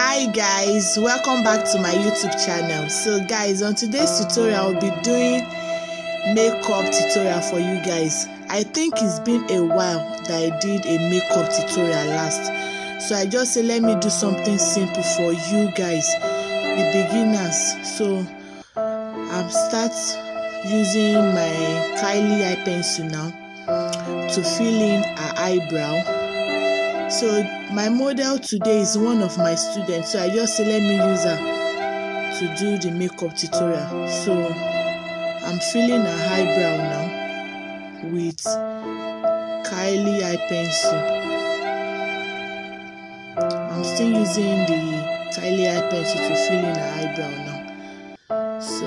hi guys welcome back to my youtube channel so guys on today's tutorial i'll be doing makeup tutorial for you guys i think it's been a while that i did a makeup tutorial last so i just say let me do something simple for you guys the beginners so i'm start using my kylie eye pencil now to fill in her eyebrow so my model today is one of my students. So I just say let me use her to do the makeup tutorial. So I'm filling a brow now with Kylie eye pencil. I'm still using the Kylie eye pencil to fill in her eyebrow now. So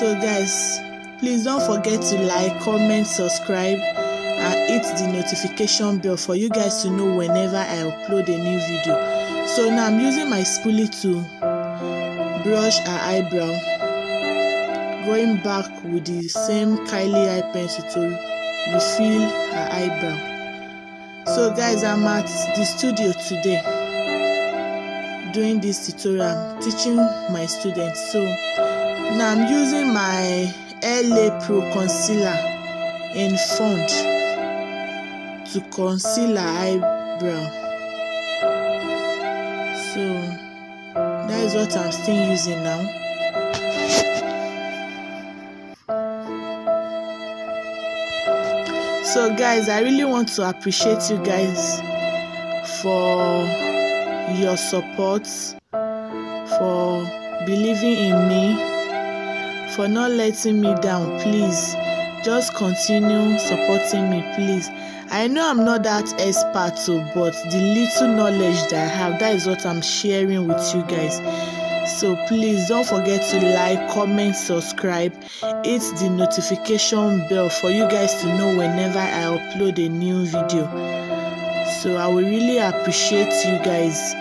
so guys, please don't forget to like, comment, subscribe and hit the notification bell for you guys to know whenever I upload a new video. So now I'm using my spoolie to brush her eyebrow. Going back with the same Kylie eye pencil to refill her eyebrow. So guys, I'm at the studio today doing this tutorial. I'm teaching my students. So now I'm using my LA Pro Concealer in font to conceal her eyebrow so that is what i'm still using now so guys i really want to appreciate you guys for your support for believing in me for not letting me down please just continue supporting me please I know I'm not that expert but the little knowledge that I have, that is what I'm sharing with you guys. So please don't forget to like, comment, subscribe, hit the notification bell for you guys to know whenever I upload a new video. So I will really appreciate you guys.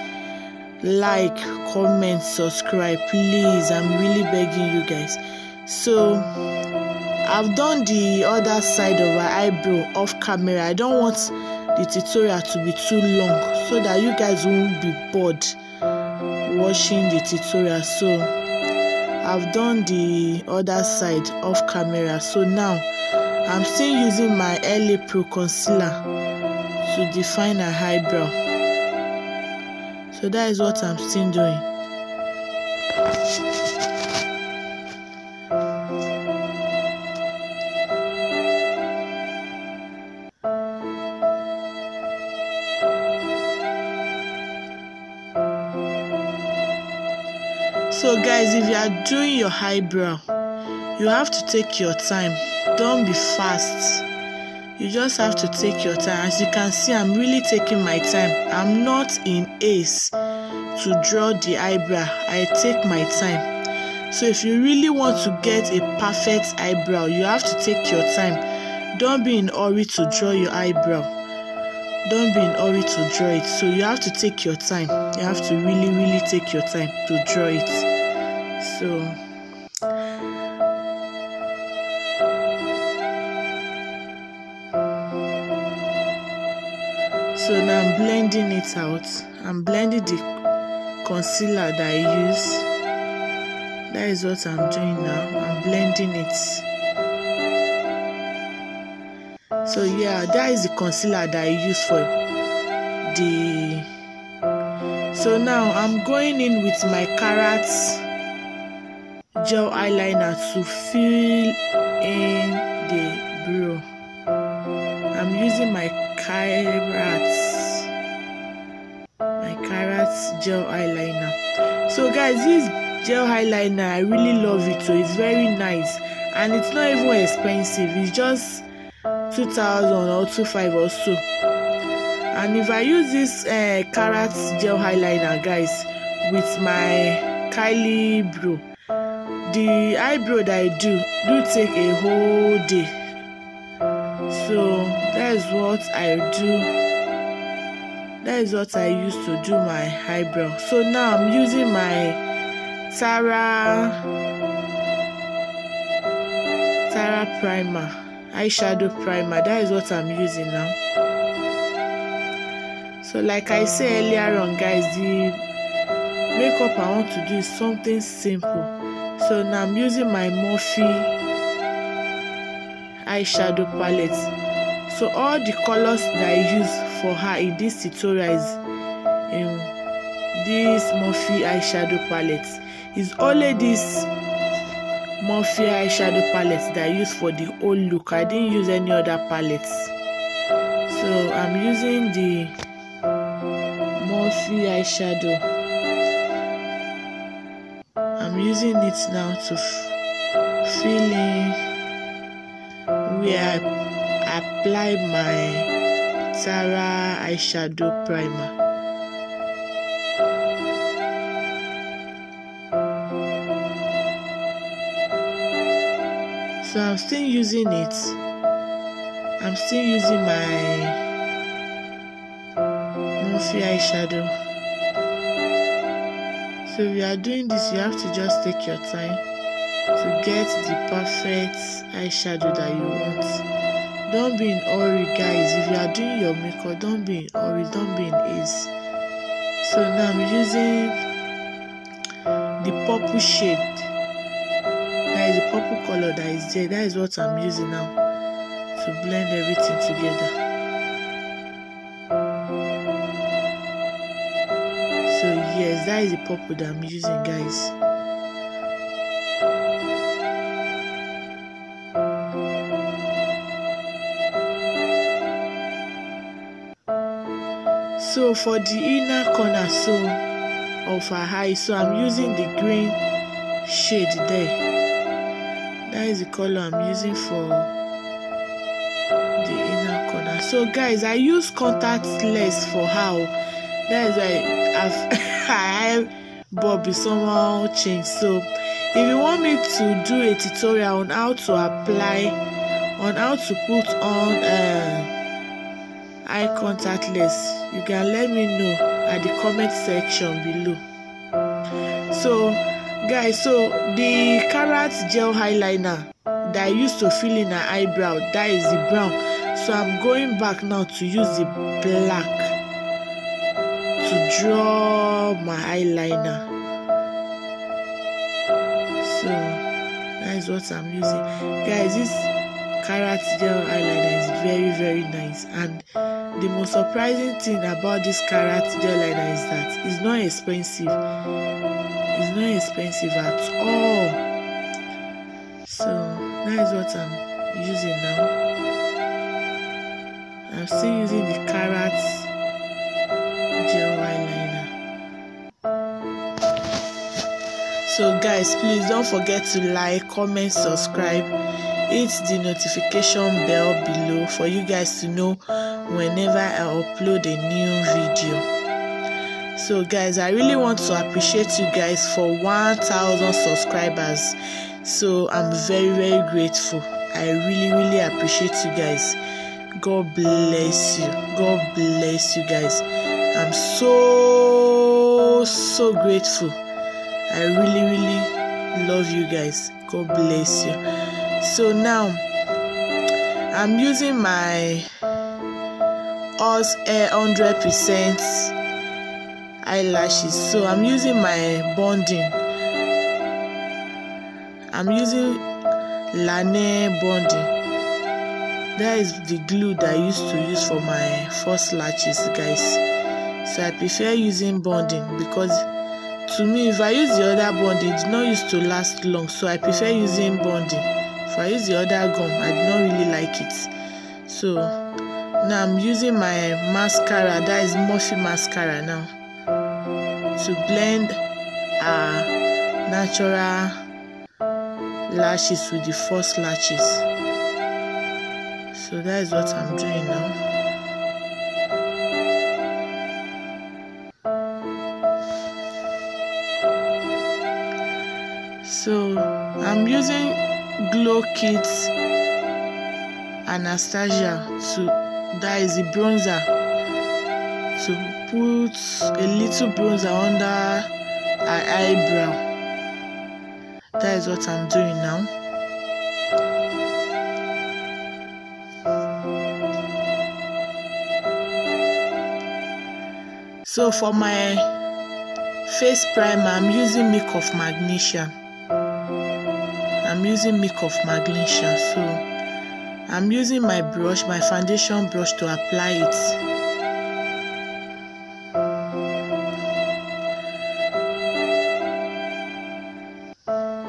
Like, comment, subscribe, please. I'm really begging you guys. So I've done the other side of her eyebrow off camera. I don't want the tutorial to be too long so that you guys won't be bored watching the tutorial. So I've done the other side off camera. So now I'm still using my LA Pro concealer to define her eyebrow. So that is what I'm still doing. guys if you are doing your eyebrow you have to take your time don't be fast you just have to take your time as you can see i'm really taking my time i'm not in haste to draw the eyebrow i take my time so if you really want to get a perfect eyebrow you have to take your time don't be in hurry to draw your eyebrow don't be in hurry to draw it so you have to take your time you have to really really take your time to draw it So So now I'm blending it out. I'm blending the concealer that I use. That is what I'm doing now. I'm blending it. so yeah that is the concealer that i use for the so now i'm going in with my carrots gel eyeliner to fill in the brow i'm using my Kyrat my Kyrat gel eyeliner so guys this gel eyeliner i really love it so it's very nice and it's not even expensive it's just two thousand or two five or so and if i use this uh, eh, Kyrat gel eyeliner guys with my Kylie brow the eyebrow that I do do take a whole day so that is what I do that is what I used to do my eyebrow so now I'm using my Tara Tara primer eyeshadow primer that is what I'm using now so like I said earlier on guys the makeup I want to do is something simple So now I'm using my Morphe eyeshadow palette. So all the colors that I use for her in this tutorial is in um, this Morphe eyeshadow palette. It's only this Morphe eyeshadow palette that I use for the whole look. I didn't use any other palettes. So I'm using the Morphe eyeshadow. using it now to fill in where I apply my Tara eyeshadow primer. So I'm still using it. I'm still using my Morphe eyeshadow. So if you are doing this, you have to just take your time to get the perfect eyeshadow that you want. Don't be in hurry, guys. If you are doing your makeup, don't be in hurry, don't be in haste. So now I'm using the purple shade. That is the purple color that is there. That is what I'm using now to blend everything together. guys that is the purple that i'm using guys so for the inner corner so of our eye so i'm using the green shade there that is the color i'm using for the inner corner so guys i use contact lens for how oh. that is why i've time bob is somehow changed so if you want me to do a tutorial on how to apply on how to put on uh, eye contactless, you can let me know at the comment section below so guys so the carrot gel eyeliner that I used to fill in her eyebrow that is the brown so I'm going back now to use the black to draw my eyeliner so that is what i'm using guys this carrot gel eyeliner is very very nice and the most surprising thing about this carrot gel eyeliner is that it's not expensive it's not expensive at all so that is what i'm using now i'm still using the carrots so guys please don't forget to like comment subscribe hit the notification bell below for you guys to know whenever i upload a new video so guys i really want to appreciate you guys for 1000 subscribers so i'm very very grateful i really really appreciate you guys god bless you god bless you guys i'm so so grateful I really, really love you guys. God bless you. So now I'm using my Oz Air 100% eyelashes. So I'm using my bonding. I'm using Lane bonding that is the glue that I used to use for my first lashes, guys so I prefer using bonding because To me, if I use the other bonding, it did not used to last long, so I prefer using bonding. If I use the other gum, I do not really like it. So now I'm using my mascara, that is Morphe mascara now, to blend our natural lashes with the false lashes. So that is what I'm doing now. I'm using glow kit Anastasia to that is the bronzer to put a little bronzer under her eyebrow. That is what I'm doing now. So for my face primer, I'm using Make of Magnesia using make-up magnesia so I'm using my brush my foundation brush to apply it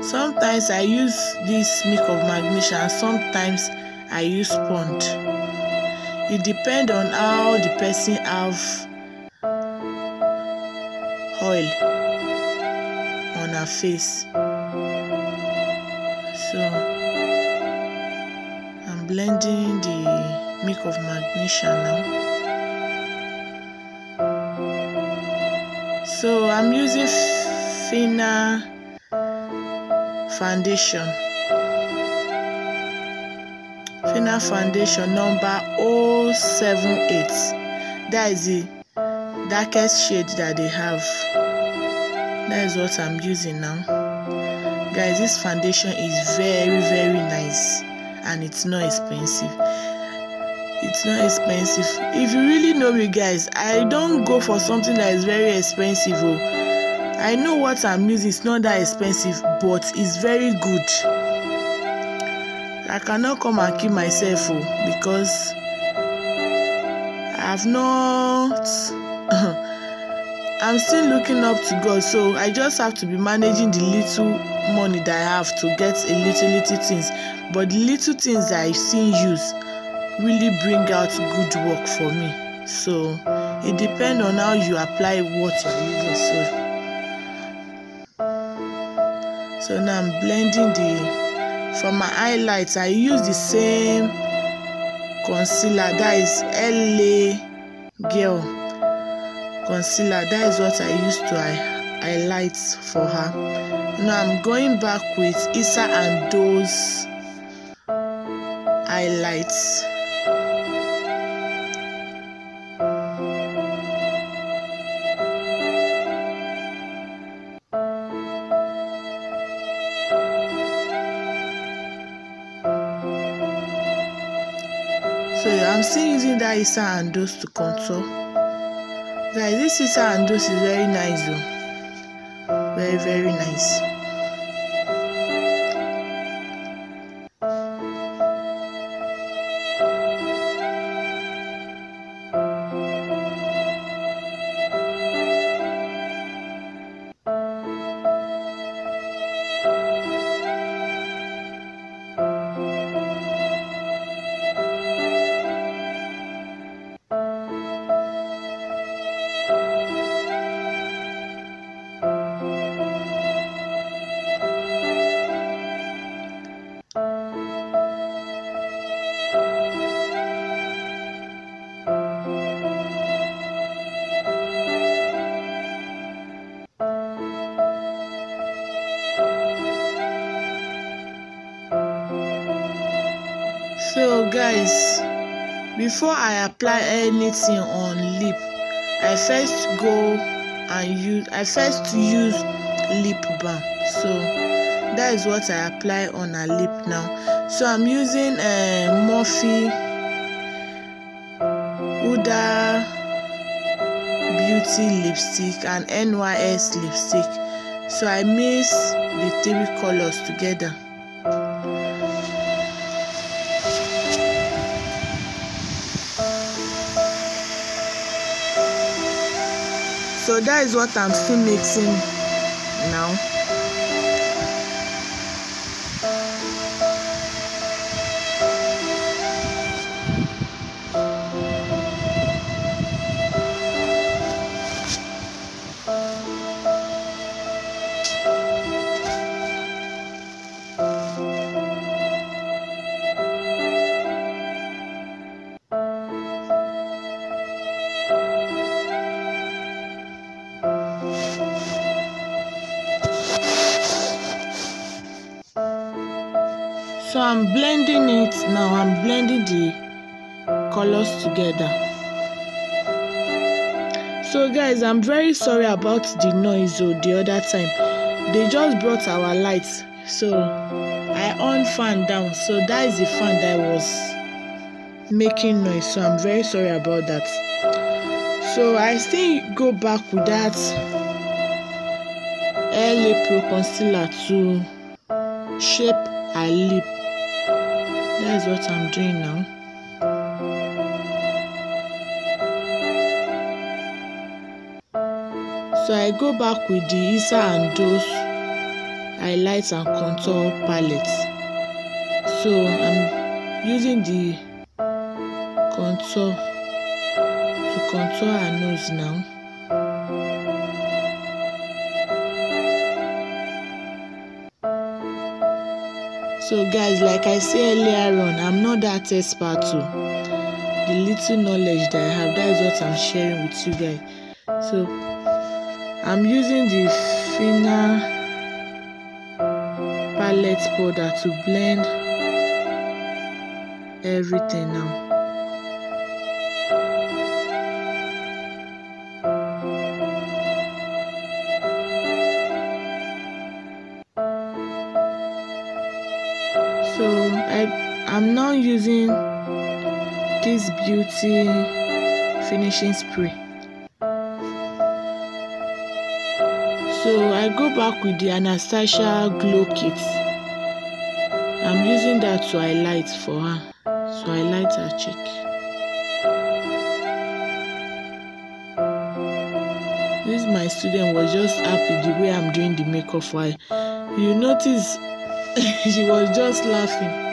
sometimes I use this make-up magnesia and sometimes I use pond it depends on how the person have oil on her face. so I'm blending the milk of magnesia now so I'm using thinner foundation thinner foundation number 078 that is the darkest shade that they have that is what I'm using now guys this foundation is very very nice and it's not expensive it's not expensive if you really know me guys i don't go for something that is very expensive oh. i know what i'm using It's not that expensive but it's very good i cannot come and kill myself oh, because i've not I'm still looking up to God, so I just have to be managing the little money that I have to get a little little things. But the little things that I've seen use really bring out good work for me. So it depends on how you apply what you're using. So, so now I'm blending the for my highlights. I use the same concealer that is LA Girl concealer that is what i used to i highlight for her now i'm going back with isa and those highlights So I'm still using that Isa and those to contour guys this is and this is very nice though very very nice guys before i apply anything on lip i first go and use i first use lip balm so that is what i apply on her lip now so i'm using uh, morphe huda beauty lipstick and nys lipstick so i mix the three colors together so that is what I'm still mixing but now I'm blending the colors together so guys I'm very sorry about the noise o the other time they just brought our lights so I on fan down so that is the fan that was making noise so I'm very sorry about that so I still go back with that LA Pro concealer to shape a lip That's what I'm doing now. So I go back with the Isa and those highlights and contour palettes. So I'm using the contour to contour her nose now. So, guys, like I said earlier on, I'm not that expert too. The little knowledge that I have, that is what I'm sharing with you guys. So, I'm using the Fina palette powder to blend everything now. I'm not using this beauty finishing spray so I go back with the Anastasia glow kit I'm using that to highlight for her so I light her cheek this my student was just happy the way I'm doing the makeup for her you notice she was just laughing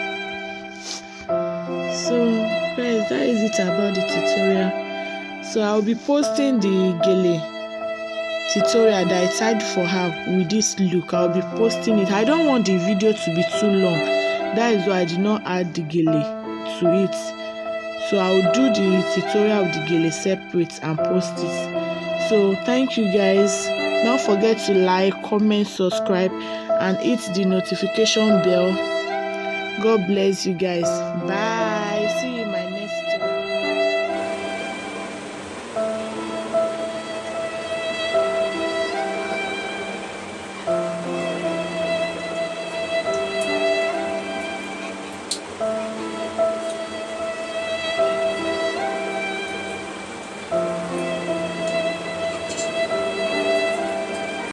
is it about the tutorial so i'll be posting the gele tutorial that i tied for her with this look i'll be posting it i don't want the video to be too long that is why i did not add the gele to it so i'll do the tutorial of the gele separate and post it so thank you guys don't forget to like comment subscribe and hit the notification bell god bless you guys bye